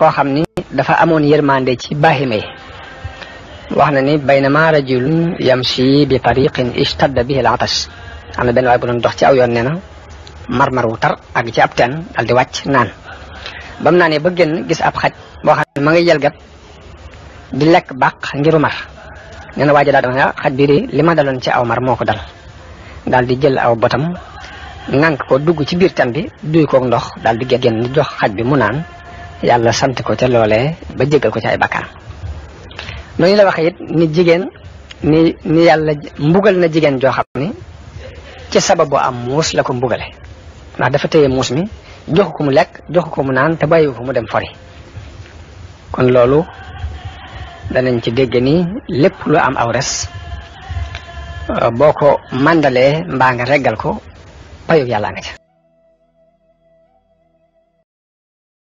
ko xamni dafa amone yermande ci bahime waxna ni na ni baynama rajulun yamshi bi tariqin ishtadda bihi al'atash amna ben way bu don dox ci aw yon neena marmar wu tar ak ci ab teen daldi di nan bam nané ba genn gis ab xaj bo xamni ma ngay yelgat di lek bak ngiru mar neena waji da daa nga ah, xaj bi ci aw mar moko dal daldi jël aw botam nank ko dugg ci bir tan bi duy ko ndox daldi bi mu nan yàlla sant ko ca loole ba jéggal ko ci ay bakkaar noonu la waxee it ni jigéen ni ni yàlla mbugal na jigéen joo xam ni ci sababu am muus la ko mbugale ndax dafa téye muus mi joxu ko mu lekk joxu ko mu naan te bàyyiwu ko mu dem fori kon loolu danañ ci dégg ni lépp lu am aw res boo ko màndalee mbaa nga reggal ko payu yàlla nga ca